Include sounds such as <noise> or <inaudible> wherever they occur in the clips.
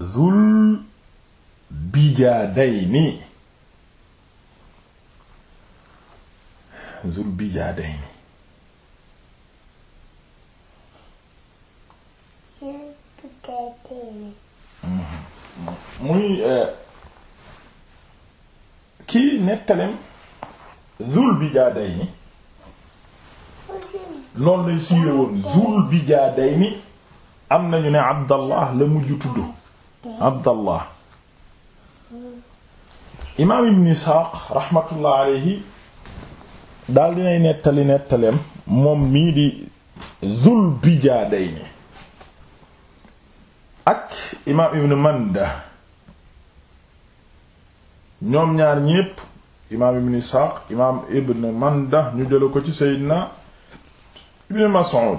zul bijaadayni zul bijaadayni mm-hmm. muy eh, kii nettalem zul bijaadayni noonu lay siiwee woon zul bijaadayni am nañu ne Abdallah la mujj tudd abdallah imaam ibn isxaaq raxmatullah alayhi daal dinay nettali nettaleem moom mii di Zul Bijaadayni ak imaam ibn manda ñoom ñaar ñépp imaam ibn isxaaq imaam ibn manda ñu jëla ko ci seydina ibn mas'ud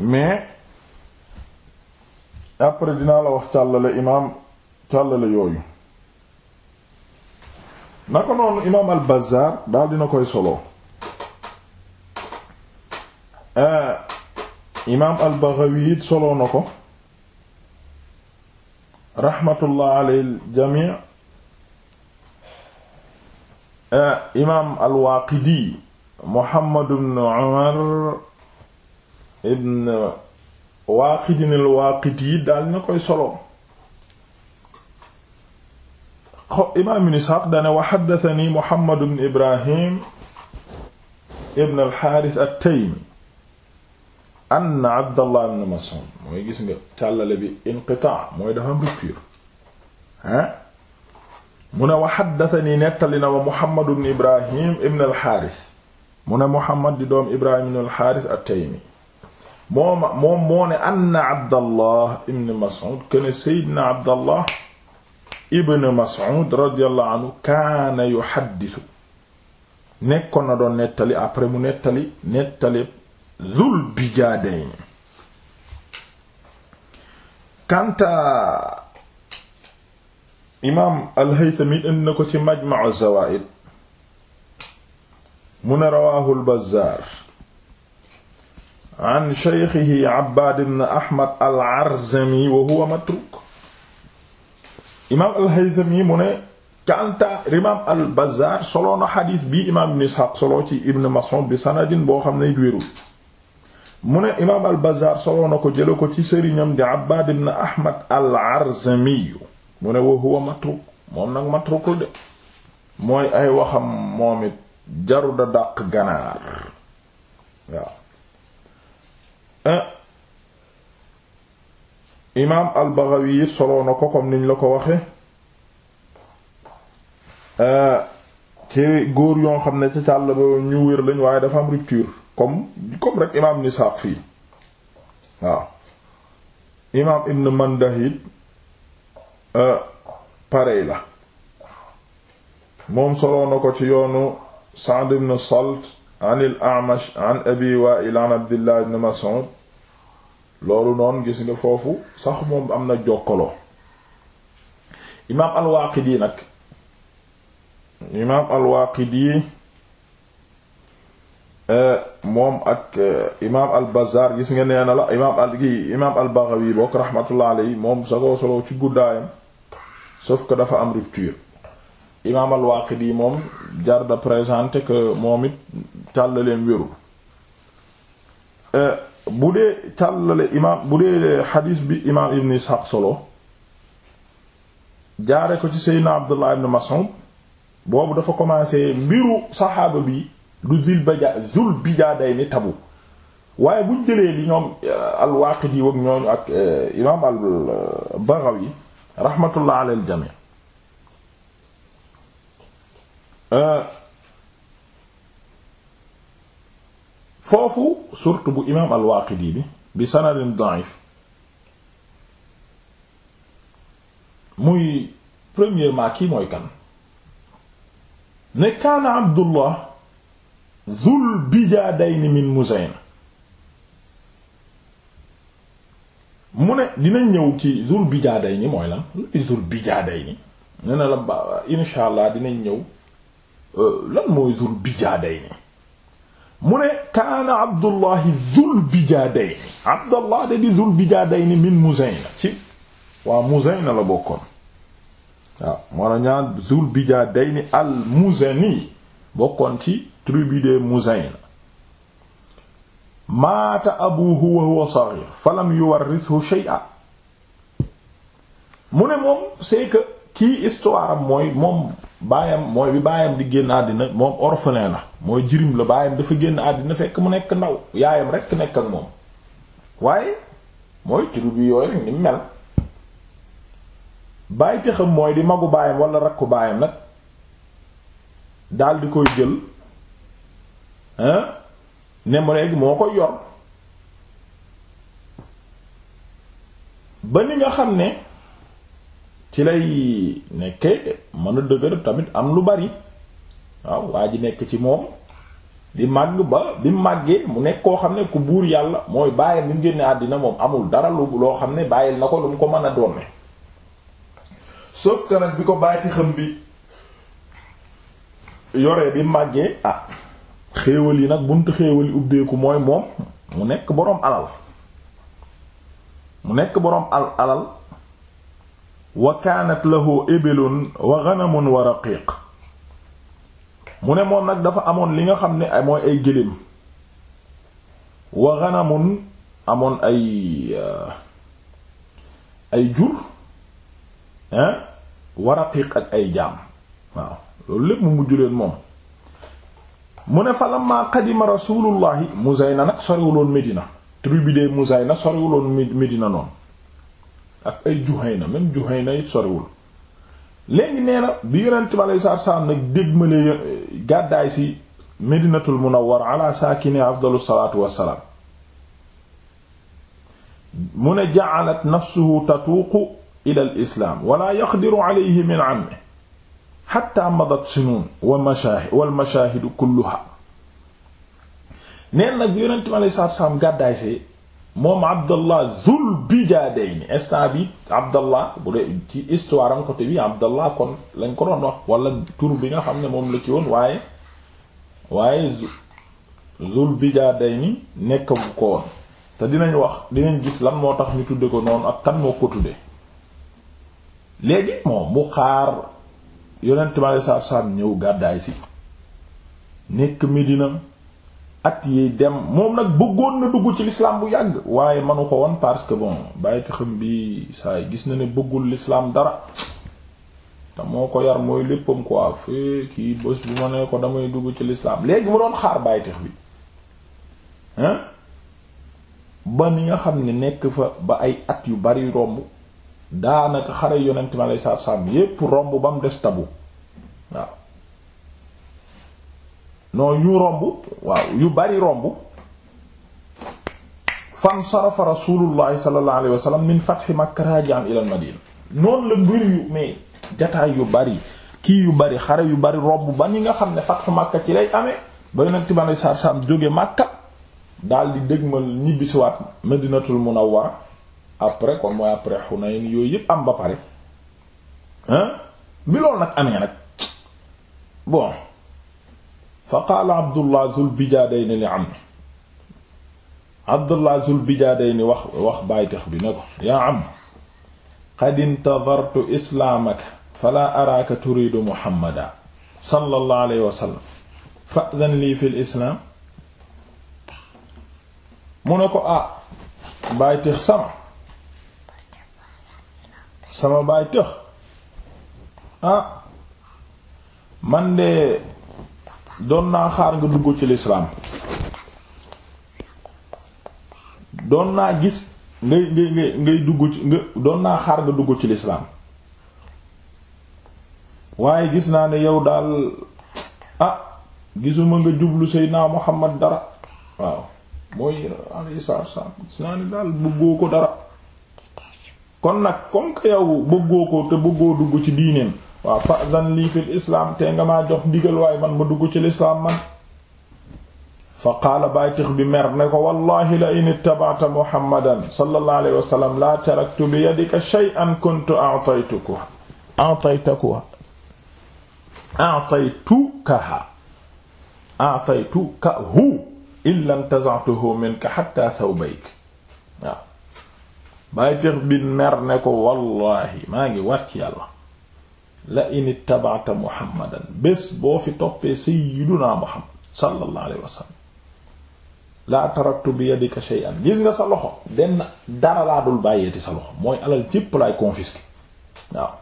mais après dinaa la wax càllale imaam càllale yooyu na ko noonu imaam al bazaar daal dina koy solo eh, imaam al baghawi it solo na ko raxmatullah aleyhi jamii eh, imaam al waaqidi muhammad ibn umar ibn waaqidinal waaqit yi daal na koy solo imaam ibn Isxaaq dane wa haddathani Muhammad ibn Ibrahim ibn al-Haaris at-Taymi anna Abdallah ibn Mas'ud mooy gis nga càllale bi inqitaa mooy dafa rupture ah mu ne wa haddathani nettali na wa Muhammad ibn Ibrahim ibn al-Haaris mu ne Muhammad doom Ibrahim ibn al-Haaris at-Taymi moom moom moo ne anna abdallah ibn mas'ud kana seydina abdallah ibn mas'ud radiyallahu anhu kaana yuhaddisu nekkoon na doon nettali après mu nettali nettali Zul Bijaadayn kanta imaam al-Haythami indi na ko ci Majma'u Zawaa'id mu ne rawaahu al-Bazzaar an shaykhihi Abbaad ibn Ahmad mu ne imaam al-Bazzaar solo na bi sanadin boo xam ne wérul mu ko jële ko ci sëriñam di Abbaad ibn Ahmad al-Arzami mu ne wa huwa matruk moom nag matrukul de mooy ay waxam moom it jaru da dàq ganaar waaw Ah. imaam al-Baghawi it soloo ko comme niñ la ko waxe ci ah. góor yoo xam ne ci càll ba ñu wér lañ waaye dafa am rupture comme comme rek imaam Ibn fii waaw imaam Ibn Mandah parey la moom soloo ko ci yoonu Sa'd ibn Salt an al-A'mash an Abi Wa'il an Abdillah ibn Mas'ud loolu noonu gis nga foofu sax moom am na jokkaloo imaam al-Waaqidi nag imaam al-Waaqidi eh, moom ak eh, imaam al-Bazzaar gis nga nee na la imaam al gi imaam al-Baghawi bokk rahmatullah moom sa ko solo ci guddaayam sauf que dafa am rupture imaam al-Waaqidi moom jar da présenter que moom it tàllaleem wérul eh, bu dee càllale imaam bu dee xadiis bi imaam ibn Ishaq solo jaare ko ci seydna Abdullah ibn Mas'ud boobu dafa commencé mbiru saxaaba bi du zil bija zul bijaaday ni tabu waaye buñ jëlee li ñoom euh, al-Waaqidi wag ñooñu ak euh, imaam al-Baghawi rahmatullah ala al-jami' euh, foofu surtout bu imaam al-Waaqidi bi bi sanadin da'if muy premièrement kii mooy kan ne kaana Abdullah dhul bijaadayni min Muzayna mu ne dina ñëw ci dhul bijaadayni mooy lan luy dhul bijaadayni ne na la ba insha allah dinañ ñëw euh, lan mooy dhul bijaadayni mu ne kaana abdullahi dhul bijaadayni abdullah da di dhul bijaadayni min muzayna ci waa muzayna la bokkoon waaw moo la ñaan dhul bijaadayni al muzani bokkoon ci tribu de muzayna maata abuhu wa huwa saghir falam yuwarrithu shay'a mu ne moom c'est que kii histoire am mooy moom baayam mooy bi baayam di génn àddina moom orphelin la mooy jirim la baayam dafa génn àddina fekk mu nekk ndaw yaayam rekk nekk ak moom waaye mooy tribu yooyu ni mel bàyyi te mooy di magu baayam wala rakku baayam nag dal di koy jël hein ne mu moo koy yor ba ni nga xam ne ci lay nekke mën a dëgër tamit am lu bari waaw waa ji nekk ci moom di màgg ba bi màggee mu nekk koo xam ne ku buur yàlla mooy bàyyil bi mu génne àddina moom amul dara lu loo xam ne bàyyil na ko lu mu ko mën a doon sauf que bi ko bàyyi xam bi yoree bi màggee ah xéewal yi nag buntu xéewal yi ubbeeku mooy moom mu nekk boroom alal mu nekk boroom al alal wa kaanat lahu ibilun wa ghanamun wa raqiq mu ne moom nag dafa amoon li nga xam ne mooy ay gëléem wa ghanamun amoon ay uh, ay jur hein wa raqiq ak ay jaam waaw loolu lépp mu mujju leen moom mu ne fa lamma qadima rasulullahi na nag soriwuloon Medina tribu de na soriwuloon Medina noonu ak ay Juhayna même Juhayna it soriwul léegi nee na bi yonent bi aleyhi salaatu salaam nag dégmale gàddaay si Madinatul Munawwara ala saakini afdalu salaatu wassalaam mu ne ja'alat nafsuhu tatuuqu ila al islaam wala yaqdiru alayhi min ammihi xatta madat sunuun wa mashaahid wal mashaahidu kulluha neen nag bi yonent bi aleyhi salaatu salaam gàddaay see moom Abdallah Zul Bijaadayni instant bi Abdallah bu dee ci histoire am côté bi Abdallah kon lañ ko doon wax wala tur bi nga xam ne moom la ci woon waaye waaye Zul Bijaadayni nekk bu ko woon te dinañ wax dinañ gis lan moo tax ñu tudde ko noonu ak kan moo ko tudde léegi moom mu xaar yonent mi aleyhi salaatu ñëw gàddaay si nekk dina at yi dem moom nag bëggoon na dugg ci l'islam bu yàgg waaye manu ko woon parce que bon bàyyi ko xam bi saa yi gis na ne bëggul lislaam dara te moo ko yar mooy léppam ko waaw fee kii bés bu ma nee ko damay dugg ci l'islam léegi mu doon xaar bàyyitex bi hein ba ni nga xam ne nekk fa ba ay at yu bari romb daanaka xare yonent ma lay saab saab yépp romb ba mu des tabu waaw non ñu romb waaw yu bari romb fan sarafa rasulullahi sallallahu alayhi wa sallam min fathi makka raji'an ila madina noonu la mbir yu mais jataay yu bari kii yu bari xare yu bari romb ba ni nga xam ne fathu makka ci lay amee ba yonent bi alei satu salaam jóge makka dal di dégmal ñibbisiwaat madinatul munawwara après comme mooy après Hunayn yooyu yépp am ba pare hein bi loolu nag amee nag bon fa qaala abdullah zul bijaadayni li am abdullah zul bijaadayni wax wax bàytax bi ne ko yaa am qad intadartu islaamaka falaa araaka turiidu muhammadan sallallahu alayhi wa sallam fa'dhan lii fil islaam mu ne ko ah bàytax sama sama bàytax ah man de doon naa xaar nga dugg ci lislaam doon naa gis ngay ngay ngay dugg ci nga doon naa xaar nga dugg ci lislaam waaye gis naa ne yow daal ah gisuma nga jublu Seydina Muhammad dara waaw mooy alayhi salaam gis naa ne daal bëggoo ko dara kon nag comme que yow bëggoo ko te bëggoo dugg ci diineem waaw fa'zan lii fil islaam te nga maa jox ndigal waaye man ma dugg ci lislaam man fa qaala baytix bi mer ne ko wallahi la in ittaba'ta muhammadan sallallahu alayhi wa sallam laa taraktu bi yadika shay'an kuntu a'taytuka a'taytuka a'taytukaha a'taytukahu illa intaza'tuhu minka hatta thawbayk waaw baytix bi mer ne ko wallahi maa ngi war ci yàlla la in ittabaata muhammadan bés boo fi toppee sayyiduna muhammad sallallahu alayhi wa laa taraktu bi yadika shay'an gis nga sa loxo denn dara laa dul bàyyeeti sa loxo mooy alal cépp laay confisquer waaw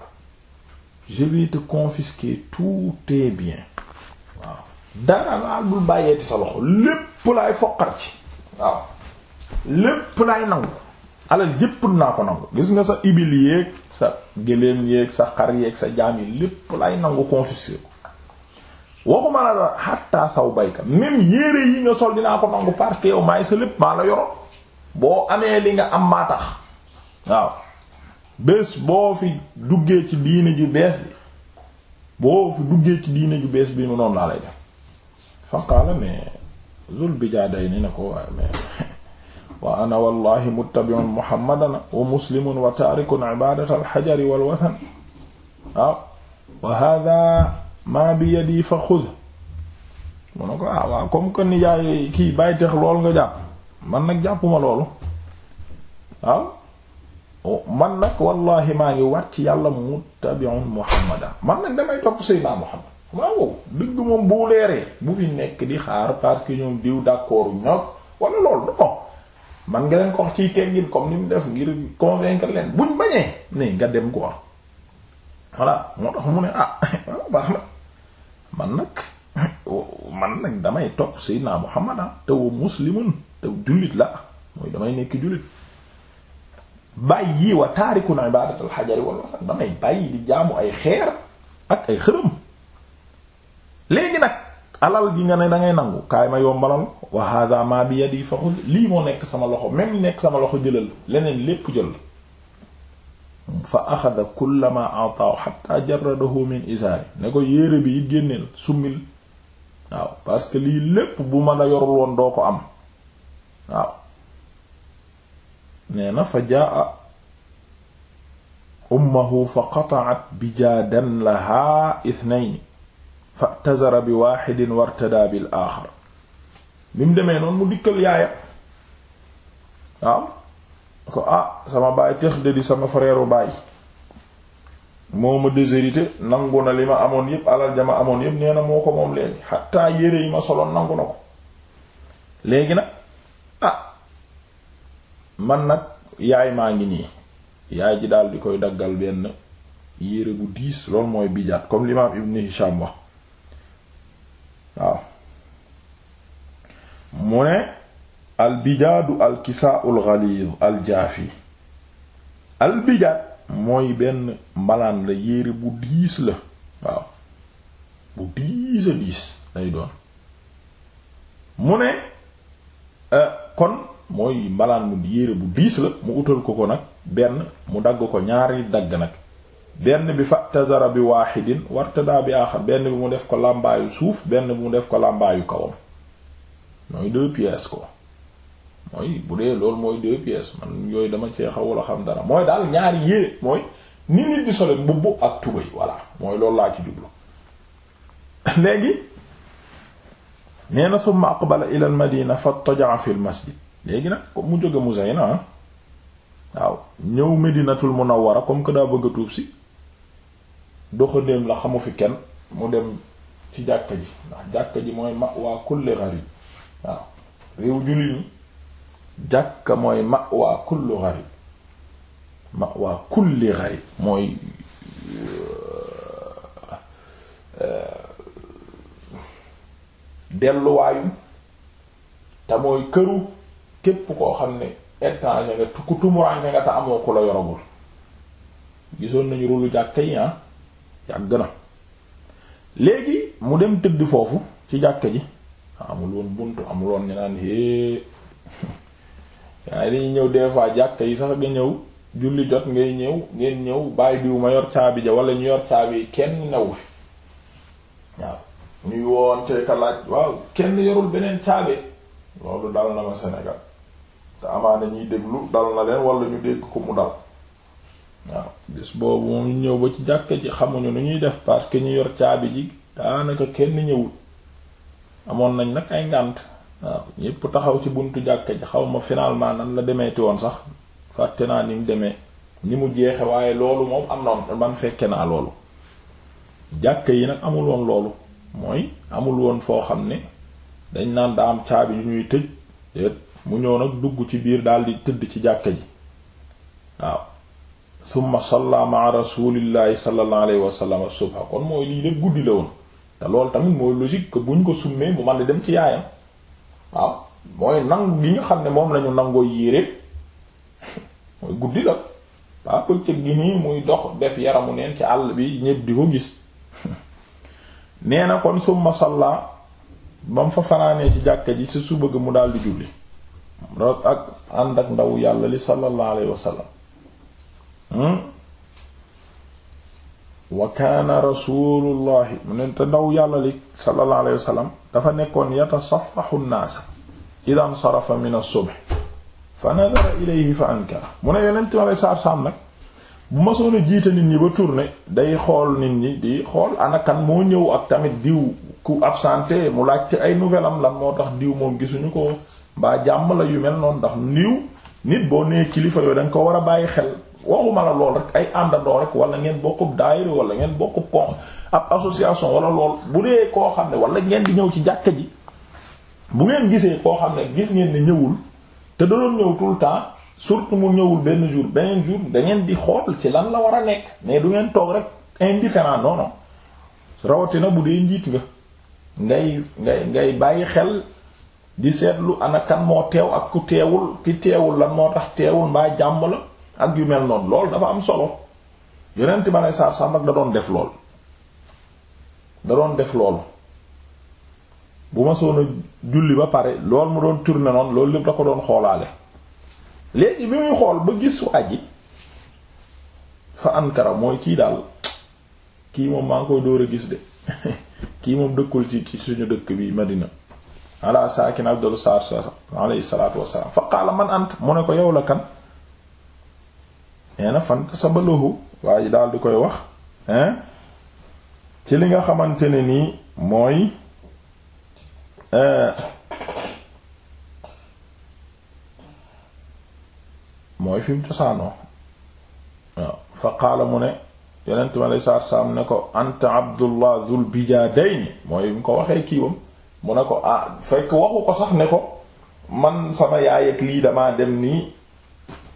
je vais waaw dara laa dul bàyyeeti sa loxo lépp laay foqar ci waaw lépp laay nangu alal yépp naa ko nangu gis nga sa ibil yéeg sa gëléem yéeg sa xar yéeg sa jaam yi lépp lay nangu confisqué ko waxuma la la xatta saw bayka même yére yi nga sol dinaa ko nangu parce que yow maay sa lépp maa la yoroon boo amee li nga am maa tax waaw bés boo fi duggee ci diine ju bees bi boo fi duggee ci diine ju bees bi mu noonu laa lay def fa mais zul bi jaa day ni ne ko waaye mais waa ana wallahi muttabi'un muhammadana wa muslimun waa taarikun ibadata alxajari walwatan waaw wa hada ma bi yadi fa xud mu ne ah, nga jàpp man nag jàppuma loolu man nag wallahi maa ngi wat ci yàlla muttabi'un muhammadan man nag damay bu fi nekk di xaar parce que ñoom diw d'accord ñoom wala lool non man nga leen ko wax ciy teggin comme ni mu def ngir convaincre leen buñ bañee ne nga dem ko wax voilà moo tax mu ne ah <laughs> baax na man nag <laughs> man nag damay topp Seydina Muhammad ah, te wa muslimun te jullit la mooy damay nekk jullit bàyyi wa taariku na ibadatal xajari wal wasal damay bàyyi di jaamu ay xeer ak ay xërëm léegi nag alal bi nga ne da ngay nangu kaay ma yombalal wa hadha ma bi yadi fa xud lii moo nekk sama loxo même nekk sama loxo jëlal leneen lépp jël fa axada kullama ataahu hatta jarradahu min isaari ne ko yére bi it génneel summil waaw parce lii lépp bu ma la yorul woon doo ko am waaw nee na fa jaa ummahu fa qata'at bijaadan lahaa fa tazara bi waaxidin wartadaa bil aaxar bi mu demee noonu mu dikkal yaayam waaw ko ah sama baay tex de sama frère baay moo ma déshérité nangu na li ma amoon yépp alal ma amoon yépp nee na moo ko moom léegi xataa yére yi ma soloon nangu na ko léegi nag ah man nag yaay maa ngi nii yaay ji daal di koy daggal benn yére bu diis loolu mooy bijaat comme l'imam Ibn Hisham wax waaw mu ne albijaadu alkisaa'ul ghaliz aljaafi albijaad mooy benn mbalaan la yére bu diis la waaw bu diis a diis lay doon mu ne euh, kon mooy mbalaan yére bu diis la mu utal ko ko nag benn mu dagg ko ñaari dagg nag benn bi fatazara bi waaxidin wartadaa bi aaxar benn bi mu def ko làmbaayu suuf benn bi mu def ko làmbaayu kawam mooy deux pièces ko mooy bu dee lool mooy deux pièces man yooyu dama cee xawul a xam dara mooy daal ñaari yére mooy ni nit di sole mbubb ak tubay voilà mooy loolu laa ci jublu <laughs> léegi nee na summa aqbala ila al madina fa tojaa fi l masjid léegi nag comme mu jóge Muzayna ah, waaw ñëw medinatul munawwara comme que daa bëgg a tuub si doxandéem la xamu fi kenn mu dem ci jàkka ji ndax jàkka ji mooy ma waa kulli gharib waaw réew julli ni jàkka mooy ma waa kulli gharib mooy euh, euh, delluwaayum te mooy këru képp koo xam ne étranger nga ku tumuraanke nga te amoo ku la yoragul gisoon nañu rulu jàkka yi ah yàgg na léegi mu dem tëdd foofu ci jàkka ji amul woon buntu amul woon ñu naan hée yaa ngi ñëw des fois jàkka yi sax nga ñëw julli jot ngay ñëw ngeen ñëw bàyyi biw ma yor caabi ja walla ñu yor caabi kenn newu fi waaw ñuy woon te laaj waaw kenn yorul beneen caabi loolu dal na ma Sénégal te amaana ñuy déglu dal na leen wala ñu dégg ko mu dal bis boobu moom ñëw ba ci jàkka ji xamuñu nu ñuy def parce que ñu yor caabi ji daanaka kenn ñëwul amoon nañ nag ay ngànt waaw ñépp taxaw ci buntu jàkka ji xaw ma finalement nan la demeeti woon sax fàtte naa ni mu demee ni mu jeexe waaye loolu moom am na man fekke naa loolu jàkka yi nag amul woon loolu mooy amul woon foo xam ne dañ naan daa am caabi yu ñuy tëj mu ñëw nag dugg ci biir daal di tëdd ci jàkka ji waaw thumma salla ma rasulillahi sallallahu alayhi wa sallam subha kon mooy lii lépp guddi la woon te lool tamit mooy logique que buñ ko summee mu man a dem ci yaayam waaw mooy nangu gi nga xam ne moom lañu nangoo yéreeg <laughs> mooy guddi la waa pëccëg gi nii muy dox def yaramu neen ci àll bi ñépp di ko gis <laughs> nee na kon summa salla ba mu fa fanaanee ci jàkka ji ci suba mu daal di julli ak ànd ak ndaw yàlla li sallallahu alayhi wa Hmm? wa kaana rasulullahi mu ne te ndaw yàlla li sallallahu dafa nekkoon yatasaffahu nnaasa idaa nsarafa min as-subh fa nadara ilayhi fa ankara mu ne yonent ma lay saar saam nag bu ma soon a jiite nit ñi ba tourné day xool nit ñi di xool anakan moo ñëw ak tamit diw ku absenté mu laajte ay nouvelle am lan moo tax diw moom gisuñu ko mbaa jàmm la yu mel noonu ndax niw nit boo nee kilifa yooyu dañ ko war a bàyyi xel waxuma la lool rek ay àndandoo rek wala ngeen bokkub daayira wala ngeen bokkub kon ab association wala lool bu dee koo xam ne wala ngeen di ñëw ci jàkka ji bu ngeen gisee koo xam ne gis ngeen ne ñëwul te da doon ñëw surtout mu ñëwul benn jour beneen jour da ngeen di xool ci lan la war a nekk mais du ngeen toog rek indifférent non non rawatina bu dee njiit nga ngay ngay ngay bàyyi xel di seetlu ana kan moo teew ak ku teewul ki teewul lan moo tax teewul mbaa jàmm la. ak yu mel noonu loolu dafa am solo yonent ma lay saar sax nag da doon def lool da doon def loolu bu ma soona julli ba pare lool mu doon tourner noonu loolu lépp da ko doon xoolaale léegi bi muy xool ba gis waa yi fa ankara mooy kii daal kii moom maa ngi koy dóor a gis de <laughs> kii moom dëkkul ci ci suñu dëkk bi Madina ala saakin abdul saar alayhi salaatu wassalaam fa qaala man ant mu ne ko yow la kan nee na fant sa balahu waa ji daal di koy wax hein ci li nga xamante ne nii mooy euh, mooy fim mu cosaanoo waaw fa qaala mu ne yonent ma lay saar saam ne ko anta abdullah zul bijaadayni mooy mu ko waxee kiiwam mu ne ko ah fekk waxu ko sax ne ko man sama yaay ak lii damaa dem nii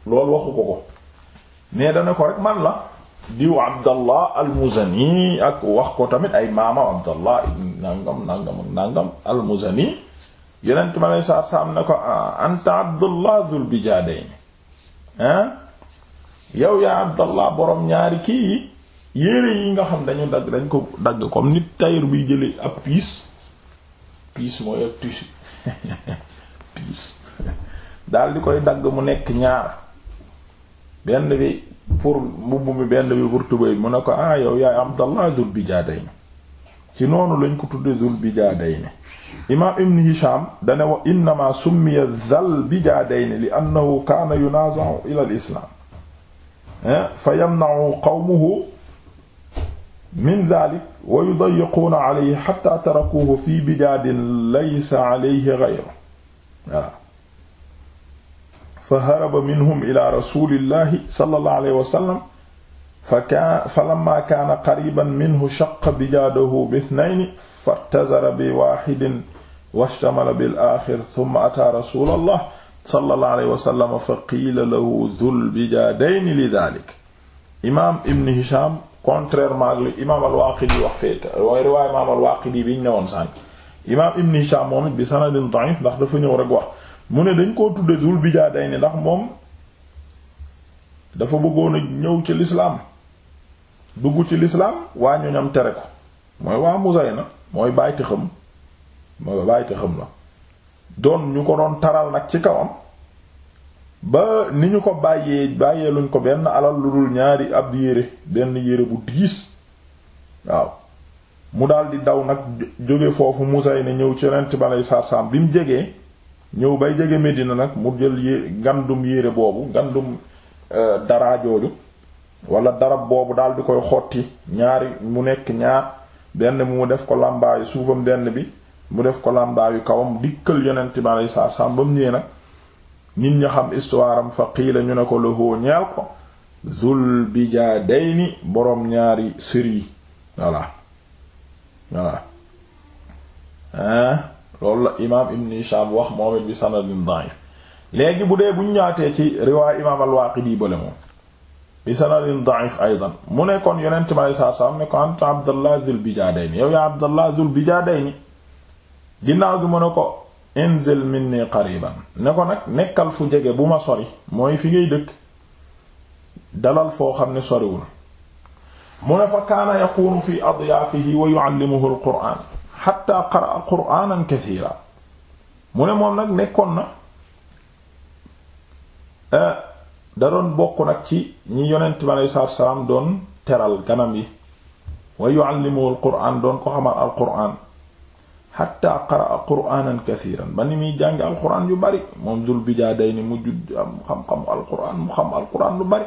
loolu waxu ko ko mais dana ko rek man la diw abdallah almuzani ak wax ko tamit ay maamam abdallah nangam nangam ak nangam almuzani yonent ma lay saar am na ko anta abdallah dul bijaadayn ah yow yaa abdallah boroom ñaari kii yi yére yi nga xam dañu dagg dañ ko dagg comme nit tailleur buy jële ab piis piis mooy ab tissu <laughs> piis daal di koy dagg mu nekk ñaar benn bi pour mbubb mi benn bi pour tubéy mu ne ko ah yow yaay Abdallah Dul Bijaadayni ci noonu lañ ko tudde Dul Bijaadayni imaam Ibn Hisham dane wa innama summiya Dul Bijaadayni li annahu kaana yunaaza'u ila al-islaam eh, fa yamna'u qawmuhu min dhalik wa yudayyiquuna alayhi hatta tarakuuhu fi bijaadin laysa alayhi ghayruhu fa haraba minhum ila rasulillahi sallallahu alayhi wa sallam fa lamma kaana qariban minhu shaqqa bijaadahu bithnayni fatazara bi waaxidin washtamala bil aaxir thumma ataa rasulallah sallallahu alayhi wa sallam fa qiila lahu dhul bijaadayni li dhaalik imaam Ibn Hisham contrairement ak li imaam al-Waaqidi wax fee waaye riwaaya imaam al-Waaqidi bi ñu ne woon sànq imaam Ibn Hisham moom it bi sanadin da'if ndax dafa ñëw rek wax. mu ne dañ koo tudde Dul Bijaadayni ndax moom dafa bëggoon a ñëw ci lislaam dugg ci lislaam waa ñoñam tere ko mooy waa Muzayna mooy bàyyiti xam mooy bàyyiti xam la doon ñu ko doon taral nag ci kawam ba ni ñu ko bàyyee bàyyee luñ ko benn alal lu dul ñaari ab yére benn yére bu diis waaw mu di daw nag jóge foofu Muzayna ñëw ci Yonent bi alayhi salaam bi mu jegee ñëw bay jege Medina nag mu jël yé ngandum yére boobu ngandum euh, dara jooju wala dara boobu daal di koy xotti ñaari mu nekk ñaar benn mu def ko làmbaayu suufam benn bi mu def ko làmbaayu kawam dikkal yonent bi alayhi salaam ba mu ñëwee nag nit ña xam histoire am fa qiila ñu ne ko lahoo ñeel ko zul bijaadayni boroom ñaari sër yi voilà loolu la imaam ibn Hisham wax moom it bi sanadin da'if léegi bu dee bu ñaatee ci riwaay imaam al-Waaqidi bale moom bi sanadin da'if aydan mu ne kon yonent mi alei sat salaam ne ko anta Abdallah Zul Bijaadayni yow yaa Abdallah Zul Bijaadayni ginnaaw gi mu ne ko inzil minni qariban ne ko nag nekkal fu jege bu ma sori mooy fi ngay dëkk dalal foo xam ne soriwul mu ne fa kaana yaquunu fi adyaafihi wa yu'allimuhu al-Qur'aan xatta qaraa quraanan kathiira mu ne moom nag nekkoon na eh, da doon bokk nag ci ñi yonent bi aleyhi salaatu salaam doon teral ganam yi wa yuallimuhu alquraan doon ko xamal alquraan xatta qaraa quraanan kathiiran ba ni muy jàngi alquraan yu bari moom dul bijaa day ni mu judd am xam-xam alquraan mu xam alquraan lu bari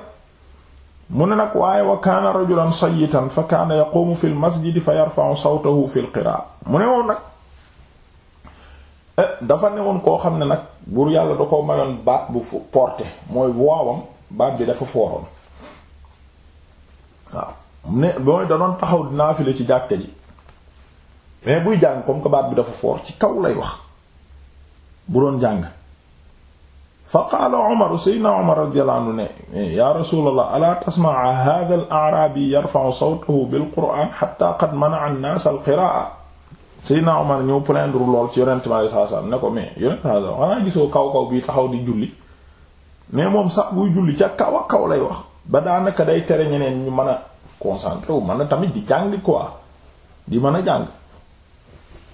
mu ne nag waaye wa kaana rajulan sayyitan fa kaana yaqumu fil masjidi fa yarfa'u sawtahu fil qira'a mu ne woon nag eh, dafa ne woon koo xam ne nag buur yàlla da koo mayoon baat bu porté mooy voix baat bi dafa fooroon waaw ne mooy da doon taxaw dinaa fi la ci jàkka ji mais buy jàng comme que baat bi dafa foor ci kaw lay wax bu doon jàng fa qaala Umar sayyidina Umar radiyallahu anhu ne eh, ya rasulallah alaa tasma'a haadha al-a'raabi yarfa'u sawtahu bil-qur'aan hatta qad mana'a an ci yonent mi sallallahu mais gisoo kaw kaw bi taxaw di julli mais moom sax buy julli ca kaw ak kaw lay wax ba daanaka day tere ñeneen ñu mën a concentré wu a tamit di jàng quoi di mën a jàng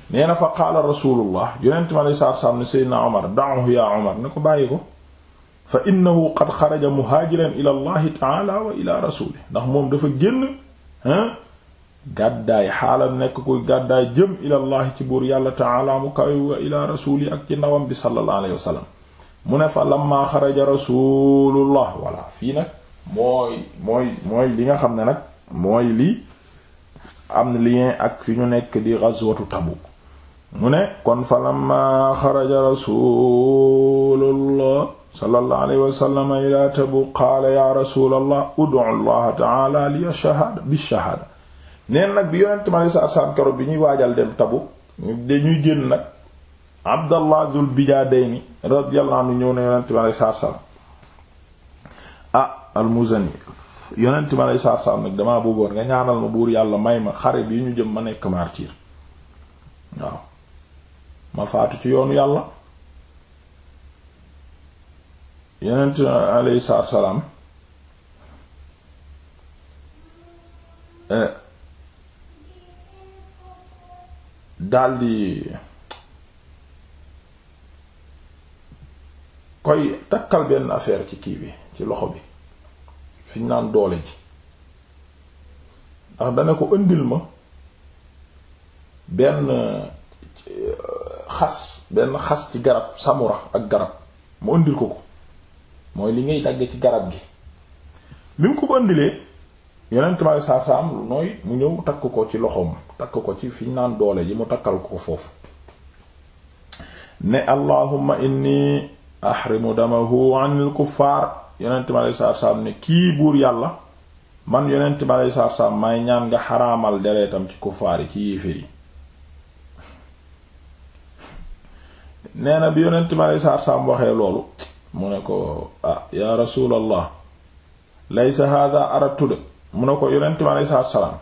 nee na fa qaala rasulullah yonent mi alei satu salaam ne seydna omar da'uhu ya omar ne ko bàyyi ko fa innahu qad xaraja muhaajiran ila allahi taala wa ila rasulih ndax moom dafa génn gàddaay xaalal nekk kuy gàddaay jëm ilallahi ci buur yàlla taala mu kawe ila rasuli ak ci ndawam bi sallallahu alayhi wa sallam mu ne fa lamma xaraja rasulullah walla fii nag mooy mooy mooy li nga xam ne nag mooy lii am lien ak fi ñu nekk di ghazwatu Tabuk mu ne kon falamma xaraja rasulullah sallallahu alayhi wa sallam ila Tabuk qaala ya rasulallah ud'u allah ta'ala li shahada bi shahada neen nag bi yonent ma sa saam keroog bi ñuy waajal dem tabu dañuy génn nag Abdallah dul Bijaadayni radiyallahu anhu ñëw na yonent ma sa saam ah al-Muzani ma sa saam nag damaa bëggoon nga buur yàlla may ma xare bi ñu jëm ma nekk martyr waaw ma faatu ci yoonu yàlla yenent alayhi salaatu salaam eh, daldi koy takkal benn affaire ci kii bi ci loxo bi fi naan doole ji ndax dana ko ëndil ma benn xas benn xas ci garab samura ak garab mu indil ko ko mooy li ngay dagg ci garab gi bi mu ko ko indilee yeneen tubaab saa saa am mu ñëw takk ko ci loxoom takk ko ci fi ñu naan doole ji mu takkal ko foofu ne allahumma inni ahrimu damahu anil kuffaar yeneen tubaab saa saa am kii buur yàlla man yeneen tubaab saa saa am may ñaan nga xaraamal deretam ci kuffaar yi ci yéeféer yi nee na bi yonent mi aleyhi salaatu waxee loolu mu ne ko ah yaa rasuulallah laysa hada aratu de mu ne ko yonent mi aleyhi salaatu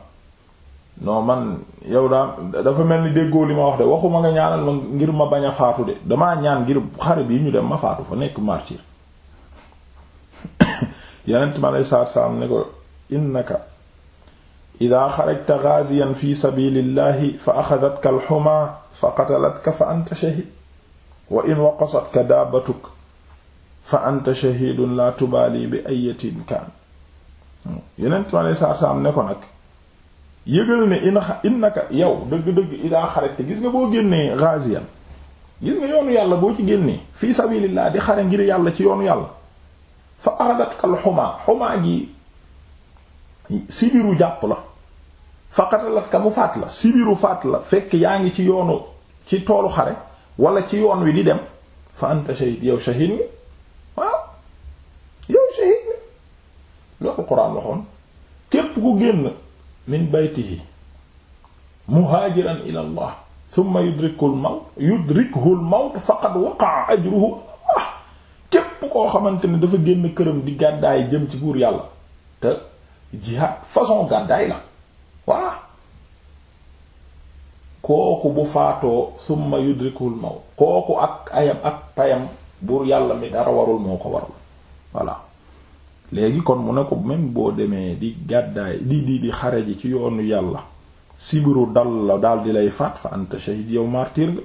man yow daa dafa mel ni déggoo li ma wax de waxuma nga ñaanal ma ngir ma bañ a faatu de damaa ñaan ngir xare bii ñu dem ma faatu fa nekk martyr <coughs> yonent mi aleyhi salaatu salaam ne ko innaka ida xarajta gaaziyan fi sabilillahi fa axadatka alxuma fa qatalatka fa anta shahid wa in waqasatka daabatuk fa anta shahidun la tubaali bi ayatin kaan yeneen ma lay saar saam ne ko nag yëgal ne ina innaka yow dëgg-dëgg idaa xarajta gis nga boo génnee ghaziyan gis nga yoonu yàlla boo ci génnee fi sabilillah di xare ngir yàlla ci yoonu yàlla fa axadatka al xumaa xumaa gi sibiru jàpp la fa qatalatka mu faat la sibiru faat la fekk yaa ngi ci yoonu ci toolu xare wala ci yoon wi di dem fa anta shahid yow shahid mi waaw yow shahid mi loolu Alxuraan waxoon képp ku génn min baytihi muhaajiran ila Allah thumma yudrikul mawt yudrikuhul mawt faqad waqa'a ajruhu ah képp koo xamante ni dafa génn këram di gàddaay jëm ci buur yàlla te jihaad façon gàddaay la voilà kooku bu faatoo summa yudrikul maw kooku ak ayam ak payam buur yàlla mi dara warul moo ko warul voilà léegi kon mu ne ko même boo demee di gàddaay di di di xare ji ci yoonu yàlla sibiru dal la daal di lay faat fa anta shahid yow martir nga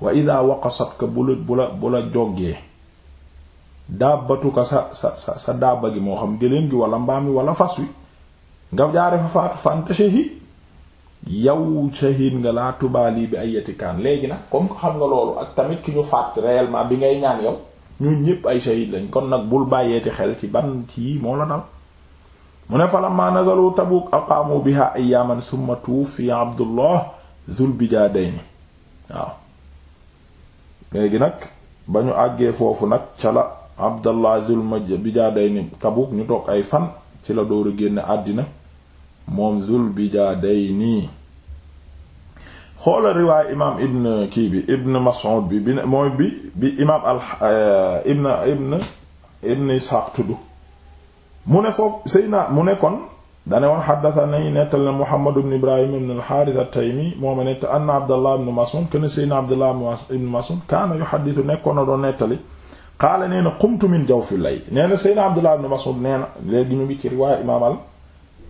wa ida waqasatka bu la bu la bu la jogee dàbbatuka sa sa sa sa dàbba gi moo xam gëléem gi wala mbaam wi wala fas wi nga jaare fa faatu fa anta shahid yow shahiid nga laa tubaali bi ay yetikaan léegi nag comme ko xam nga loolu ak tamit ki ñu faat réellement bi ngay ñaan yow ñun ñépp ay shahiid lañ kon nag bul bàyyeeti xel ci ban ci moo la dal mu ne falamma nazalu Tabuk aqaamu biha ayyaman thumma tuwuffiya Abdullah Zul Bijaadayni waaw léegi nag ba ñu àggee foofu nag ca la Abdallah Zul Bijaadayni Tabuk ñu toog ay fan ci la door a génn àddina moom Zul Bijaadayni xoolal riwaay imaam ibn kii bi ibn Mas'ud bi bi mooy bi bi imaam al eh, ibn ibn ibn Isxaaq tudd mu ne foofu Seydina mu ne kon dane woon xaddatanay nettal na Muhammad ibn Ibrahim ibn al-Haaris at-Taymi moo ma nett anna Abdallah ibn Mas'ud kana Seydina Abdallah ibn Mas'ud kaana yuxaddisu nekkoon na doon nettali qaala nee na qumtu min jawfi lay nee na Seydina Abdallah ibn Mas'ud nee na léegi ñu ngi ci riwaay imaam al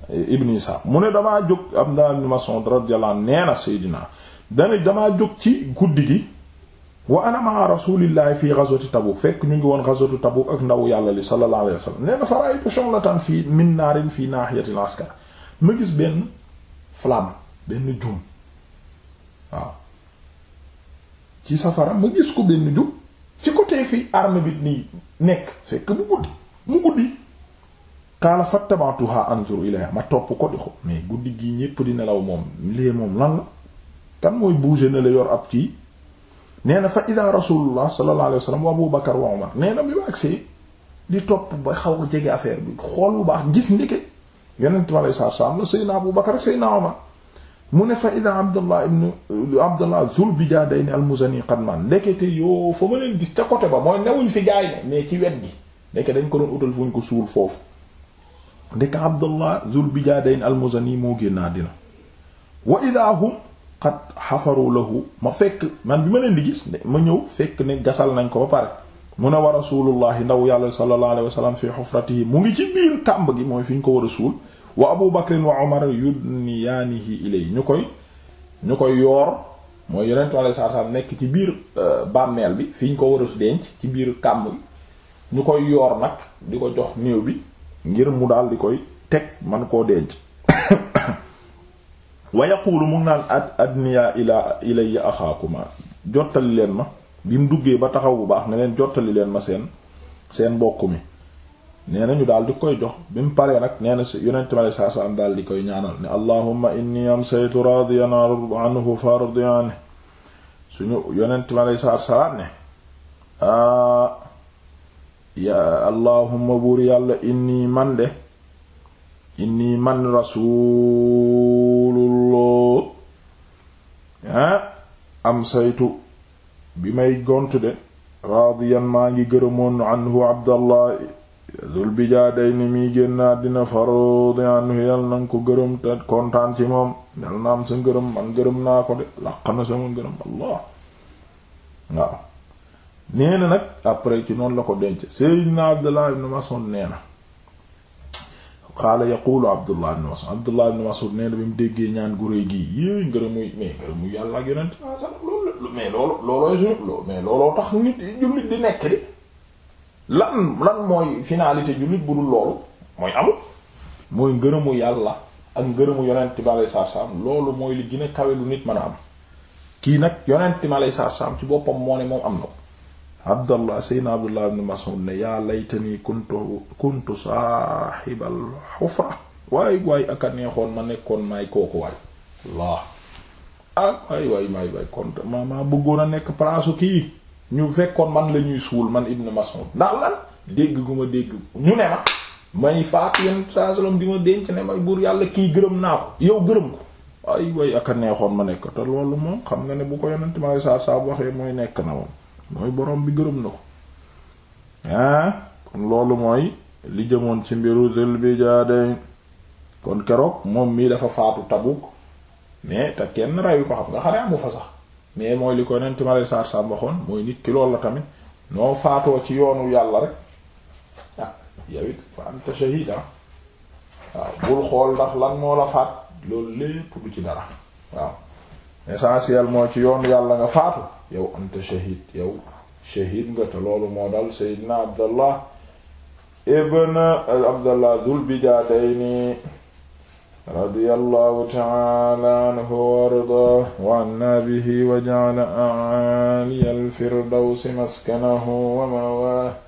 Ibn Isa mu ne damaa jóg Abdullah ibn Mas'ud radiyallahu anhu nee na dana damaa jóg ci guddi gi wa ana ma'a rasulillahi fi ghazwati Tabuk fekk ñu ngi woon ghazwatu Tabuk ak ndaw yàlla li sallallahu alayhi wasallam nee na fa ra'aytu shu'latan fii min fi fii nahiyati al ma gis benn flamme benn jum waaw ci safara ma gis ko benn jum ci côté fii arme bi nii nekk fekk mu guddi mu guddi qaala fattaba'tuha anzur ilayha ma topp ko di xo mais guddi gi ñépp di nelaw moom lée moom lan la kan mooy bouger na la yor ab kii nee na fa ida rasulullah sallallahu alayhi wasallam wa abu bakar wa umar nee na bi di topp ba xaw ko affaire bi xool bu baax gis ndeke yonent mi alayhi salaatu salaam la seydna abu bakar seydna umar mu ne fa ida abdullah ibn abdullah zul bijaadayni almuzani qadman ndekete yoo fa ma leen gis ca côté ba mooy newuñ fi gaay ne mais ci wet gi ndeke dañ ko doon utal fu ñu ko suul foofu ndek abdullah zul bijaadayn almuzani moo génn àddina wa ida hum qad xafaru lahu ma fekk man bi ma leen di gis ma ñëw fekk ne gasal nañ ko ba pare mu ne wa rasulullahi ndaw yàlla sallallahu alayhi wa sallam fi xufratihi mu ci biir gi mooy fi ñu ko war a suul wa abu bakrin wa omar yudniyaanihi ilay ñu koy ñu koy yoor mooy yonent bi alayhi salaam nekk ci biir euh, bàmmeel bi fi ñu ko war a denc ci biir kàmb gi ñu koy yoor nag di ko jox néew bi ngir mu daal di koy teg man koo denc <coughs> wa yaqulu mu ngi naan ad adniya ila ilayya axaakuma jottali leen ma bi mu duggee ba taxaw bu baax ne leen jottali leen ma seen seen mbokk mi nee na ñu daal di koy jox bi mu paree nag nee na yonent mi alayhi salaatu salaam daal di koy ñaanal ne allahumma inni amsaytu radiyan ya allahumma buur yàlla inni man de inni man rasuulullah ah am saytu bi may gont de raadiyan maa ngi gërëmoon anhu abdallah zul bijaadayni mi génnaa dina farodi anhu yal nanga ko gërëm te kontaan ci moom yal na am sa ngërëm man gërëm naa ko de làq na sama ngërëm allah waaw nee na nag après ci noonu la ko denc Seydina na ibn Mas'ud nee na qaala yaqulu Abdullah ibn Mas'ud Abdullah ibn Mas'ud nee na bi mu déggee ñaan gu réy gii yéey ngërëmuy mais yàlla ak yonent mais loolu loolooy suñu mais looloo tax nit di nekk di lan finalité jullit bu dul loolu mooy amul mooy ngërëmu yàlla ak ngërëmu yonent bi aleyhi salaatu salaam loolu mooy li gën lu nit mën a am kii nag yonent bi aleyhi salaatu salaam ci boppam moo ne moom am na ko abdallah seydna abdullah ibn mas'ud ne yaa laytani kuntu kuntu saaxibal xufra waay waay aka neexoon ma nekkoon maay kooku waay laa ah ma maa a nekk palaasu kii ñu fekkoon man la ñuy suul man ibn mas'ud ndax lan ma dégg ñu ne ma may faat yenn saa salaam di ma denc ne may buur yàlla kii gërëm naa yow gërëm ko ay neexoon ma nekk te loolu moom xam nga ne bu ko yonent ma saa saa waxee mooy nekk na moom mooy borom bi gërëm na ko ah loolu mooy li jëmoon ci mbiru Zul Bijaadayn kon keroog moom mii dafa faatu Tabuk mais te kenn reyu ko xam nga xare amu fa sax mais mooy li ko neen timare saar sam mooy nit ki loolu la tamit noo faatoo ci yoonu yàlla rek ah yow it fa anta ah. waaw bul xool ndax lan moo la faat loolu lépp du ci dara waaw essentiel moo ci yoonu yàlla nga faatu yow anta shahid yow shahid nga te loolu moo dal seydina abdallah ibn abdallah dul bijaadayni radiyallahu ta'ala anhu wa ardaahu wa anna bihi wa ja'ala a'ali al-firdawsi maskanahu wa mawaahu